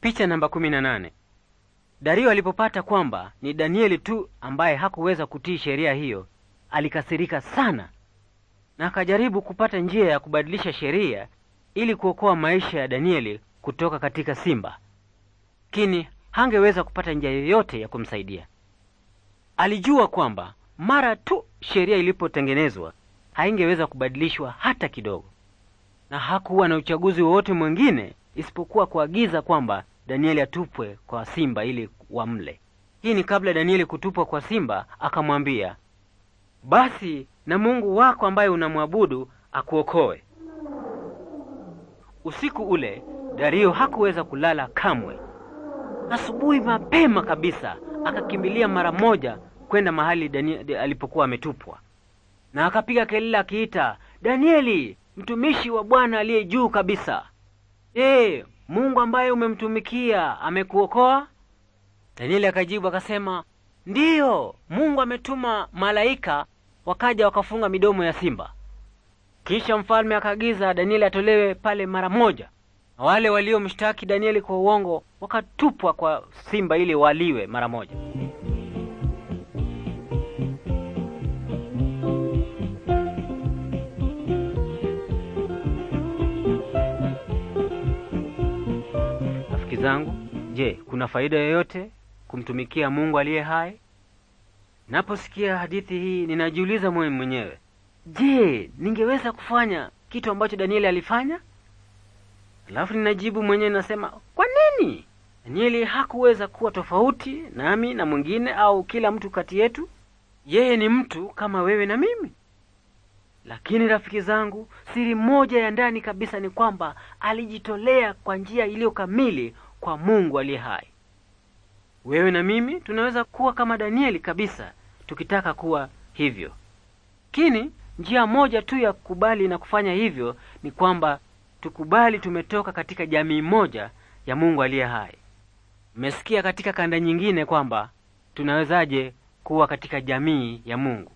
Picha namba 18. Dario alipopata kwamba ni Danieli tu ambaye hakuweza kutii sheria hiyo, alikasirika sana na akajaribu kupata njia ya kubadilisha sheria ili kuokoa maisha ya Danieli kutoka katika simba, lakini hangeweza kupata njia yoyote ya kumsaidia. Alijua kwamba mara tu sheria ilipotengenezwa haingeweza kubadilishwa hata kidogo, na hakuwa na uchaguzi wowote mwingine isipokuwa kuagiza kwamba Danieli atupwe kwa simba ili wamle. Hii ni kabla Danieli kutupwa kwa simba, akamwambia, basi na Mungu wako ambaye unamwabudu akuokoe. Usiku ule Dario hakuweza kulala kamwe. Asubuhi mapema kabisa akakimbilia mara moja kwenda mahali Danieli alipokuwa ametupwa, na akapiga kelele akiita, Danieli, mtumishi wa Bwana aliye juu kabisa, Je, eh, Mungu ambaye umemtumikia amekuokoa? Danieli akajibu akasema, ndiyo, Mungu ametuma malaika wakaja wakafunga midomo ya simba. Kisha mfalme akaagiza Danieli atolewe pale mara moja, na wale waliomshtaki Danieli kwa uongo wakatupwa kwa simba ili waliwe mara moja. zangu, je, kuna faida yoyote kumtumikia Mungu aliye hai? Naposikia hadithi hii ninajiuliza moyoni mwenyewe, je, ningeweza kufanya kitu ambacho Danieli alifanya? Alafu ninajibu mwenyewe, nasema kwa nini Danieli hakuweza kuwa tofauti nami na mwingine au kila mtu kati yetu? Yeye ni mtu kama wewe na mimi. Lakini rafiki zangu, siri moja ya ndani kabisa ni kwamba alijitolea kwa njia iliyo kamili kwa Mungu aliye hai. Wewe na mimi tunaweza kuwa kama Danieli kabisa, tukitaka kuwa hivyo. Lakini njia moja tu ya kukubali na kufanya hivyo ni kwamba tukubali tumetoka katika jamii moja ya Mungu aliye hai. Mmesikia katika kanda nyingine kwamba tunawezaje kuwa katika jamii ya Mungu.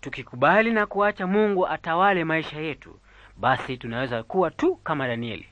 Tukikubali na kuacha Mungu atawale maisha yetu, basi tunaweza kuwa tu kama Danieli.